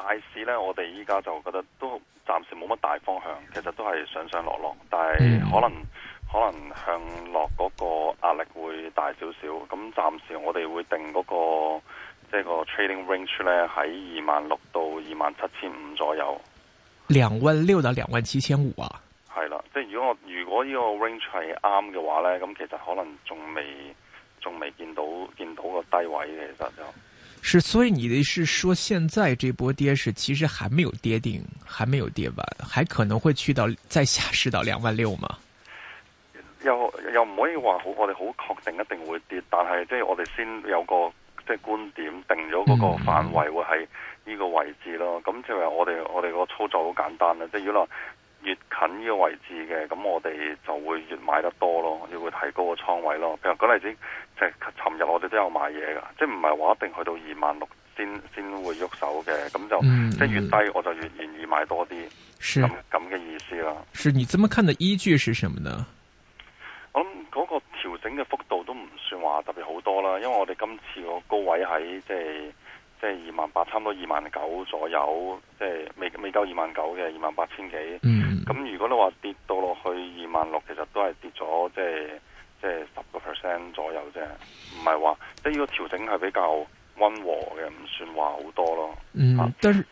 大市咧，我哋依家就覺得都暫時冇乜大方向，其實都係上上落落，但係可能、嗯、可能向落嗰個壓力會大少少。咁暫時我哋會定嗰、嗰個即係、即係、個 trading range 咧喺二萬六到二萬七千五左右。兩萬六到兩萬七千五啊？係啦，即係如果我如果呢個 range 係啱嘅話咧，咁其實可能仲未仲未見到見到個低位嘅，其實就。是，所以你的意思說，現在這波跌勢其實還沒有跌定，還沒有跌完，還可能會去到再下試到兩萬六嗎？又又唔可以話好，我哋好確定一定會跌，但係即係我哋先有個即係觀點定咗嗰個範圍會喺呢個位置咯。咁就係我哋我哋個操作好簡單啦，即係如果。越近呢個位置嘅，咁我哋就會越買得多咯，亦會提高個倉位咯。譬如舉例子，就尋、是、日我哋都有買嘢噶，即係唔係話一定去到二萬六先先會喐手嘅，咁就、嗯、即係越低、嗯、我就越願意買多啲，咁咁嘅意思啦。是你這麼看的依據是什麼呢？我諗嗰個調整嘅幅度都唔算話特別好多啦，因為我哋今次個高位喺即係。即係二萬八，28, 差唔多二萬九左右，即、就、係、是、未未夠二萬九嘅，二萬八千幾。咁、嗯、如果你話跌到落去二萬六，26, 其實都係跌咗，即係即係十個 percent 左右啫。唔係話，即係呢個調整係比較温和嘅，唔算話好多咯。嗯，啊但是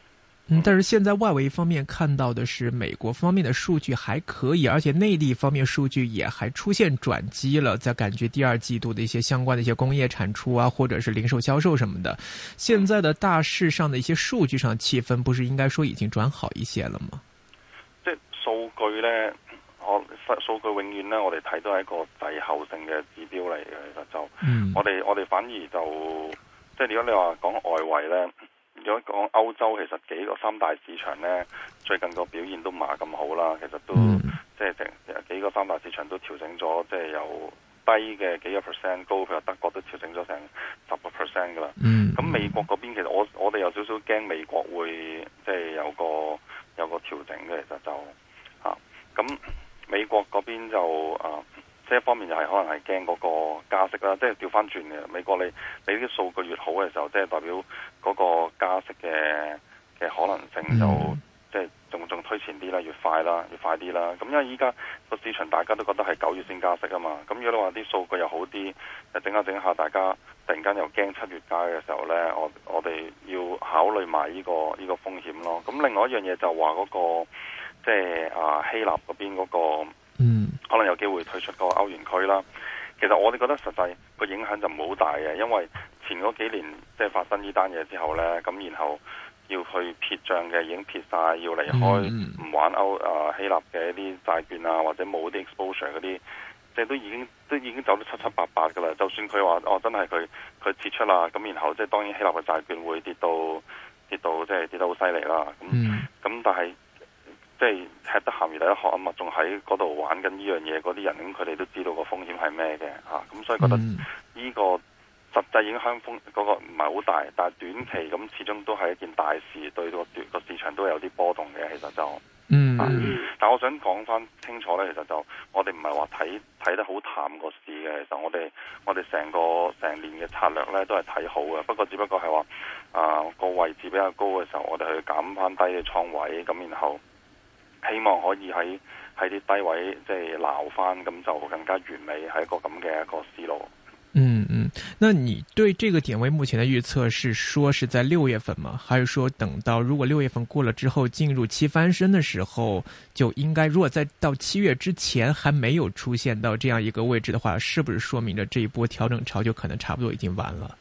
嗯，但是現在外圍方面看到的是美國方面的數據還可以，而且內地方面數據也還出現轉機了。在感覺第二季度的一些相關的一些工業產出啊，或者是零售銷售什麼的，現在的大市上的一些數據上氣氛，不是應該說已經轉好一些了嗎？即數據咧，數據永遠呢，我哋睇到係一個滯後性嘅指標嚟嘅，其實就我哋、嗯、我哋反而就即係如果你話講外圍呢。如果講歐洲，其實幾個三大市場呢，最近個表現都唔係咁好啦。其實都、嗯、即係成幾個三大市場都調整咗，即係有低嘅幾個 percent，高譬如德國都調整咗成十個 percent 噶啦。咁、嗯、美國嗰邊其實我我哋有少少驚美國會即係有個有個調整嘅，其實就就啊，咁美國嗰邊就啊。即一方面又係可能係驚嗰個加息啦，即係調翻轉嘅美國，你你啲數據越好嘅時候，即係代表嗰個加息嘅嘅可能性就即係仲仲推前啲啦，越快啦，越快啲啦。咁因為依家個市場大家都覺得係九月先加息啊嘛，咁如果你話啲數據又好啲，又整下整下，大家突然間又驚七月加嘅時候咧，我我哋要考慮埋呢個呢個風險咯。咁另外一樣嘢就話嗰個即係啊希臘嗰邊嗰個。可能有機會退出個歐元區啦。其實我哋覺得實際個影響就唔好大嘅，因為前嗰幾年即係、就是、發生呢單嘢之後呢，咁然後要去撇帳嘅已經撇晒，要離開唔、mm. 玩歐啊希臘嘅一啲債券啊，或者冇啲 exposure 嗰啲，即係都已經都已經走得七七八八噶啦。就算佢話哦真係佢佢撤出啦，咁然後即係、就是、當然希臘嘅債券會跌到跌到即係、就是、跌得好犀利啦。咁咁、mm. 但係。即係吃得鹹魚第一渴啊嘛，仲喺嗰度玩緊呢樣嘢，嗰啲人咁佢哋都知道個風險係咩嘅吓，咁、啊、所以覺得呢個實際影響風嗰、個唔係好大，但係短期咁始終都係一件大事，對個、個市場都有啲波動嘅，其實就，啊、嗯，但係我想講翻清楚咧，其實就我哋唔係話睇睇得好淡個市嘅，其實我哋我哋成個成年嘅策略咧都係睇好嘅，不過只不過係話啊個位置比較高嘅時候，我哋去減翻低嘅倉位咁然後。希望可以喺喺啲低位即係撈翻，咁就更加完美，係一個咁嘅一個思路。嗯嗯，那你對這個點位目前的預測是說是在六月份嗎？還是說等到如果六月份過了之後進入七翻身的時候就應該，如果再到七月之前還沒有出現到這樣一個位置的話，是不是說明着這一波調整潮就可能差不多已經完了？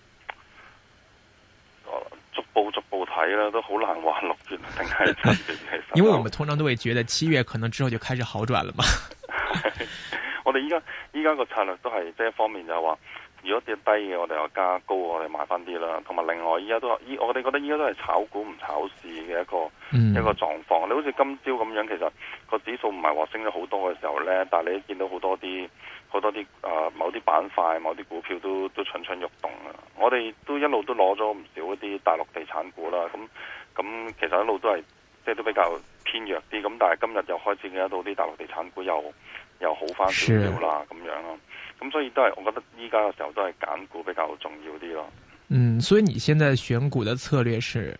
睇啦，都好難話六月定係七月。因為我們通常都會覺得七月可能之後就開始好轉啦嘛 我。我哋依家依家個策略都係即係一方面就係話。如果跌低嘅，我哋又加高，我哋買翻啲啦。同埋另外，依家都依，我哋覺得依家都係炒股唔炒市嘅一個、嗯、一個狀況。你好似今朝咁樣，其實個指數唔係話升咗好多嘅時候咧，但係你見到好多啲好多啲啊某啲板塊、某啲股票都都蠢蠢欲動啊！我哋都一路都攞咗唔少一啲大陸地產股啦。咁咁其實一路都係即係都比較偏弱啲。咁但係今日又開始見到啲大陸地產股又又好翻少少啦，咁是樣咯。咁所以都係，我覺得依家嘅時候都係揀股比較重要啲咯。嗯，所以你現在選股嘅策略是，嗯、略是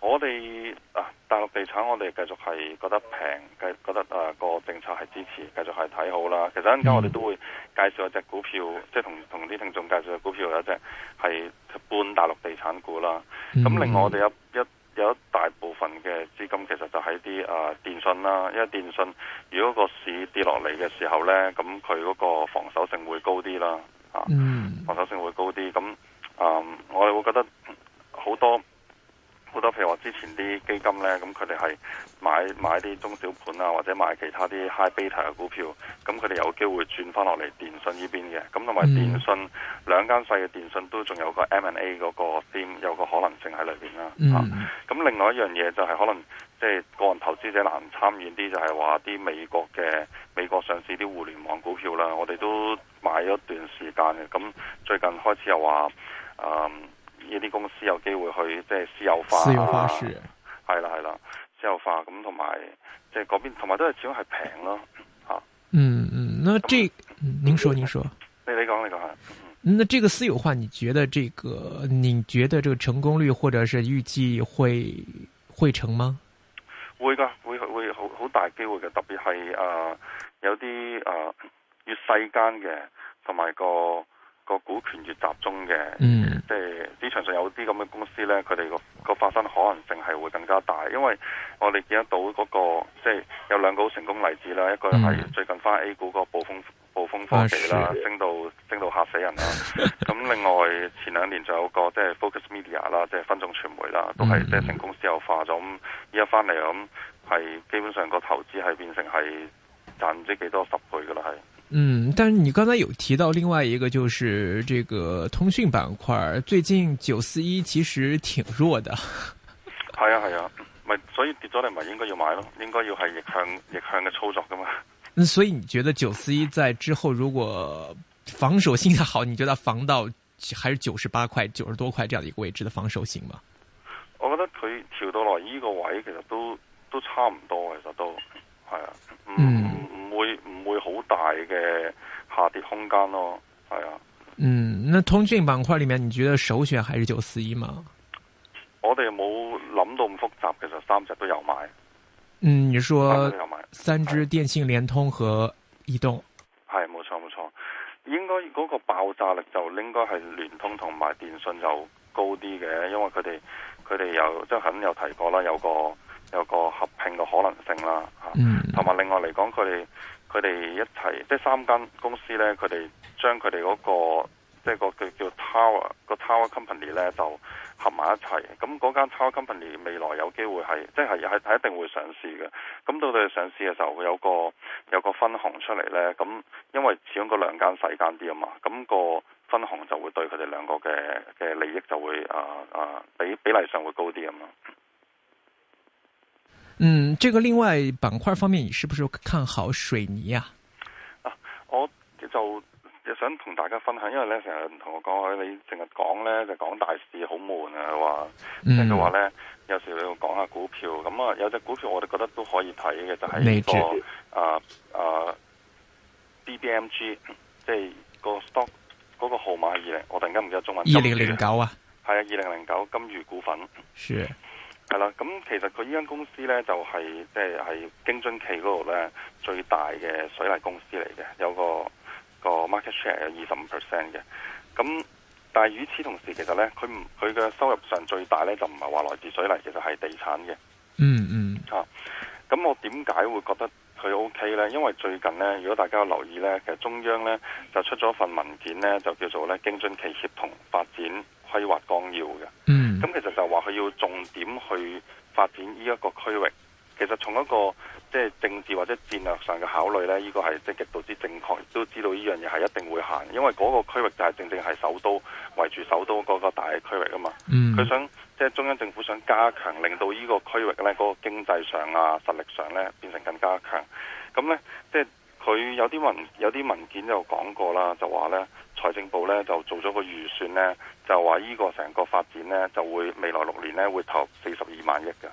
我哋啊，大陸地產我哋繼續係覺得平，繼續覺得啊個、呃、政策係支持，繼續係睇好啦。其實一陣間我哋都會介紹一隻股票，即係同同啲聽眾介紹嘅股票有一隻係半大陸地產股啦。咁、嗯、另外我哋有一。一有一大部分嘅資金其實就喺啲啊電信啦、啊，因為電信如果個市跌落嚟嘅時候呢，咁佢嗰個防守性會高啲啦，啊，mm. 防守性會高啲，咁啊，我哋會覺得好多，好多譬如話之前啲基金呢，咁佢哋係買買啲中小盤啊，或者買其他啲 high beta 嘅股票，咁佢哋有機會轉翻落嚟電信呢邊嘅，咁同埋電信兩間細嘅電信都仲有個 M&A 嗰個 theme 有個可能性喺裏邊啦。咁、嗯啊、另外一樣嘢就係可能即係、就是、個人投資者難參與啲，就係話啲美國嘅美國上市啲互聯網股票啦，我哋都買咗一段時間嘅，咁最近開始又話呢啲公司有機會去即係私有化，私有化係啦係啦，啊、私有化咁同埋即係嗰邊，同埋都係始終係平咯。好，嗯嗯，嗯那這，您、嗯、說您說，說，說，你嚟講你講下。嗯，那這個私有化，你覺得這個你覺得這個成功率，或者是預計會會成嗎？會噶，會會好好大機會嘅，特別係啊、呃、有啲啊越細間嘅，同埋個。個股權越集中嘅，嗯、即係市場上有啲咁嘅公司咧，佢哋個個發生可能性係會更加大，因為我哋見得到嗰、那個即係有兩個好成功例子啦，嗯、一個係最近翻 A 股嗰個暴風暴風科技啦，雪升到升到嚇死人啦。咁 另外前兩年有就有、是、個即係 Focus Media 啦，即、就、係、是、分眾傳媒啦，都係即係成功私有化咗，依家翻嚟咁係基本上個投資係變成係賺唔知幾多十倍噶啦，係。嗯，但是你剛才有提到另外一個，就是這個通訊板塊最近九四一其實挺弱的。係啊係啊，咪、啊、所以跌咗你咪應該要買咯，應該要係逆向逆向嘅操作㗎嘛。那所以你覺得九四一在之後如果防守性的好，你覺得防到還是九十八塊、九十多塊這樣的一個位置的防守性嗎？我覺得佢調到來呢個位，其實都都差唔多，其實都係啊，嗯，唔會唔。大嘅下跌空間咯，係啊。嗯，那通訊板塊裏面，你覺得首選還是九四一嗎？我哋冇諗到咁複雜，其實三隻都有買。嗯，你說三隻電信、聯通和移動，係冇錯冇錯，應該嗰個爆炸力就應該係聯通同埋電信就高啲嘅，因為佢哋佢哋又即係肯定有提過啦，有個有個合併嘅可能性啦，吓、嗯。同埋另外嚟講佢哋。佢哋一齊，即係三間公司呢，佢哋將佢哋嗰個，即係個叫叫 Tower 個 Tower Company 呢，就合埋一齊。咁嗰間 Tower Company 未來有機會係，即係係一定會上市嘅。咁到到佢上市嘅時候，會有個有個分紅出嚟呢。咁因為始終個兩間細間啲啊嘛，咁個分紅就會對佢哋兩個嘅嘅利益就會啊啊比比例上會高啲啊嘛。嗯，這個另外板塊方面，你是不是看好水泥啊？啊，我就想同大家分享，因為咧成日同我講，你成日講咧就講大市好悶啊，話即係話咧，有時你要講下股票，咁、嗯、啊有隻股票我哋覺得都可以睇嘅，就係、是、呢、那個隻啊啊 B B M G，即係個 stock 嗰個號碼二零，我突然間唔記得中文二零零九啊，係啊二零零九金隅股份是。係啦，咁其實佢呢間公司咧，就係即係係京津冀嗰度咧最大嘅水泥公司嚟嘅，有個個 market share 有二十五 percent 嘅。咁但係與此同時，其實咧佢唔佢嘅收入上最大咧就唔係話來自水泥，其實係地產嘅。嗯嗯、mm，吓、hmm. 啊。咁我點解會覺得佢 OK 咧？因為最近咧，如果大家有留意咧，其實中央咧就出咗份文件咧，就叫做咧京津冀協同發展規劃綱要嘅。嗯、mm。Hmm. 咁其實就話佢要重點去發展呢一個區域，其實從一個即係、就是、政治或者戰略上嘅考慮呢，呢、這個係即係極度之正確，亦都知道呢樣嘢係一定會行，因為嗰個區域就係正正係首都圍住首都嗰個大區域啊嘛。佢、嗯、想即係、就是、中央政府想加強，令到呢個區域呢嗰、那個經濟上啊、實力上呢變成更加強，咁呢，即係。佢有啲文有啲文件就講過啦，就話呢財政部呢就做咗個預算呢就話呢個成個發展呢就會未來六年呢會投四十二萬億嘅。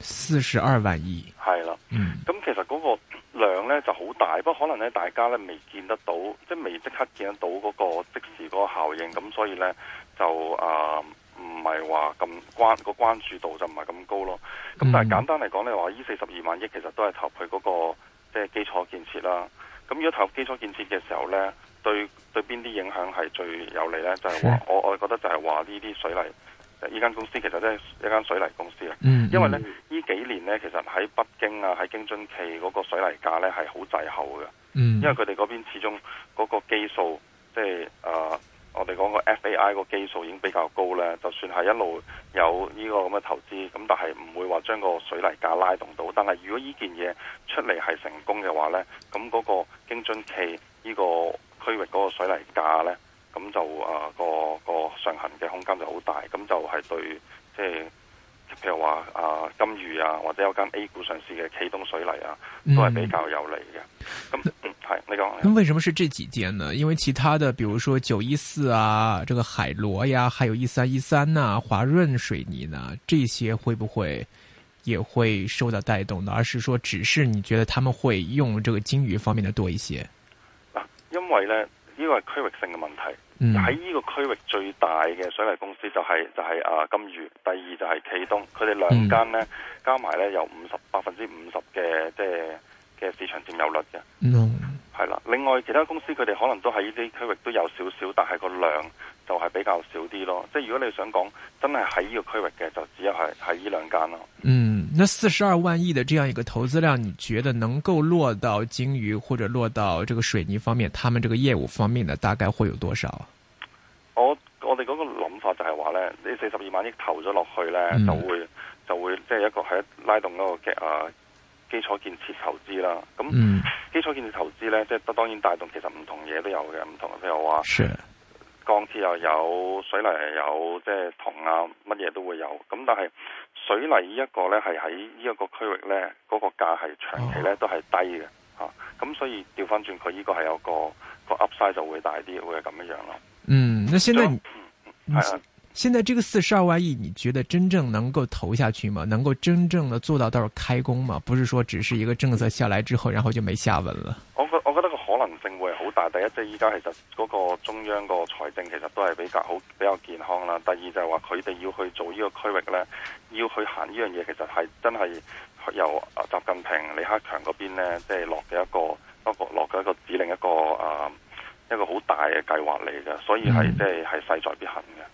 四十二萬億係啦，嗯，咁其實嗰個量呢就好大，不過可能呢大家呢未見得到，即係未即刻見得到嗰個即時嗰個效應，咁所以呢，就啊唔係話咁關個關注度就唔係咁高咯。咁、嗯、但係簡單嚟講呢，話呢四十二萬億其實都係投佢嗰個。即係基礎建設啦，咁如果投入基礎建設嘅時候呢，對對邊啲影響係最有利呢？就係話我我覺得就係話呢啲水泥，呢間公司其實都係一間水泥公司啊。嗯、因為咧呢、嗯、呢幾年呢，其實喺北京啊，喺京津冀嗰個水泥價呢係好滯後嘅。嗯、因為佢哋嗰邊始終嗰個基數，即係啊。呃我哋講個 FAI 個基數已經比較高咧，就算係一路有呢個咁嘅投資，咁但係唔會話將個水泥價拉動到。但係如果依件嘢出嚟係成功嘅話咧，咁嗰個京津冀呢個區域嗰個水泥價咧，咁就啊個個上行嘅空間就好大。咁就係對，即係譬如話啊金隅啊，或者有間 A 股上市嘅冀東水泥啊，都係比較有利嘅。咁、嗯嗯係你講，咁為什麼是這幾間呢？因為其他的，比如說九一四啊，這個海螺呀、啊，還有一三一三啊，華潤水泥呢，這些會不會也會受到帶動的？而是說，只是你覺得他們會用這個金禹方面的多一些？因為呢，呢、這個係區域性嘅問題。喺呢、嗯、個區域最大嘅水泥公司就係、是、就係、是、啊金禹，第二就係啟東，佢哋兩間呢，嗯、加埋呢，有五十百分之五十嘅即係嘅市場佔有率嘅。嗯係啦，另外其他公司佢哋可能都喺呢啲區域都有少少，但係個量就係比較少啲咯。即係如果你想講真係喺呢個區域嘅，就只有係係呢兩間咯。嗯，那四十二萬億的這樣一個投資量，你覺得能夠落到金禹或者落到這個水泥方面，他們這個業務方面的大概會有多少？我我哋嗰個諗法就係話呢，四十二萬億投咗落去呢，嗯、就會就會即係、就是、一個喺拉動嗰、那個嘅啊。基礎建設投資啦，咁基礎建設投資呢，即係當然帶動其實唔同嘢都有嘅，唔同譬如話鋼鐵又有水泥又有、啊，即係銅啊，乜嘢都會有。咁但係水泥呢一個呢，係喺呢一個區域呢，嗰、那個價係長期呢都係低嘅嚇。咁、哦啊、所以調翻轉佢呢個係有個個 Upside 就會大啲，會係咁樣樣咯。嗯，你先啦，啊、嗯。現在這個四十二萬億，你覺得真正能夠投下去嗎？能夠真正的做到到時候開工嗎？不是說只是一個政策下來之後，然後就沒下文了。我覺我覺得個可能性會好大。第一，即係依家其實嗰個中央個財政其實都係比較好、比較健康啦。第二就係話佢哋要去做呢個區域呢，要去行呢樣嘢，其實係真係由啊習近平、李克強嗰邊呢，即係落嘅一個，包括落嘅一個指令一個、啊，一個啊一個好大嘅計劃嚟嘅，所以係、嗯、即係係勢在必行嘅。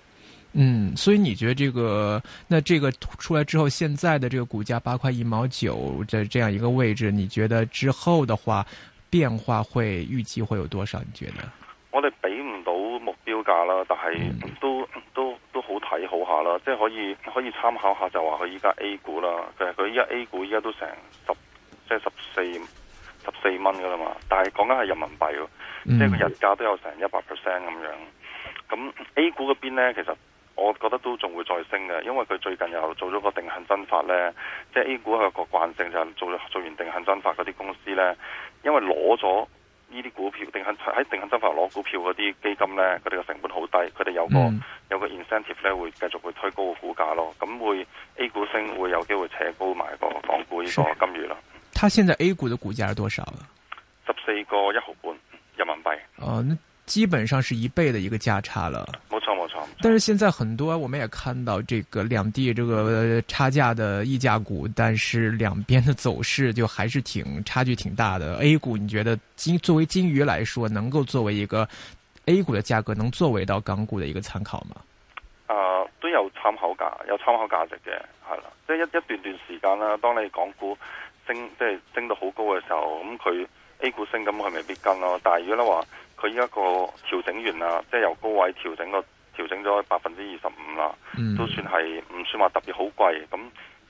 嗯，所以你覺得這個，那這個出來之後，現在的這個股價八塊一毛九在這樣一個位置，你覺得之後的話變化會預計會有多少？你覺得？我哋畀唔到目標價啦，但係都、嗯、都都，都好睇好下啦，即係可以可以參考下就話佢依家 A 股啦，佢佢依家 A 股依家都成十即係十四十四蚊噶啦嘛，但係講緊係人民幣咯，嗯、即係佢日價都有成一百 percent 咁樣，咁 A 股嗰邊咧其實。我覺得都仲會再升嘅，因為佢最近又做咗個定向增發呢。即係 A 股個係個慣性就係做了做完定向增發嗰啲公司呢，因為攞咗呢啲股票定向喺定向增發攞股票嗰啲基金呢，佢哋嘅成本好低，佢哋有個、嗯、有個 incentive 呢，會繼續會推高股價咯，咁會 A 股升會有機會扯高埋個港股呢個金禹咯。佢現在 A 股的股價是多少？啊？十四個一毫半人民幣。哦基本上是一倍的一個價差了。沒錯，沒錯。沒錯，但是現在很多，我們也看到這個兩地這個差價的溢價股，但是兩邊的走勢就還是挺差距挺大的。A 股，你覺得金作為金禹來說，能夠作為一個 A 股的價格，能作為到港股的一個參考嗎？啊、呃，都有參考價，有參考價值嘅，係啦。即、就是、一一段段時間啦，當你港股升，即升到好高嘅時候，咁、嗯、佢 A 股升咁，佢未必跟咯。但係如果你話，佢呢一個調整完啦，即係由高位調整個調整咗百分之二十五啦，都算係唔算話特別好貴。咁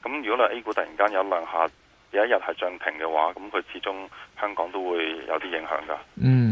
咁如果呢 A 股突然間有兩下有一日係漲停嘅話，咁佢始終香港都會有啲影響噶。嗯。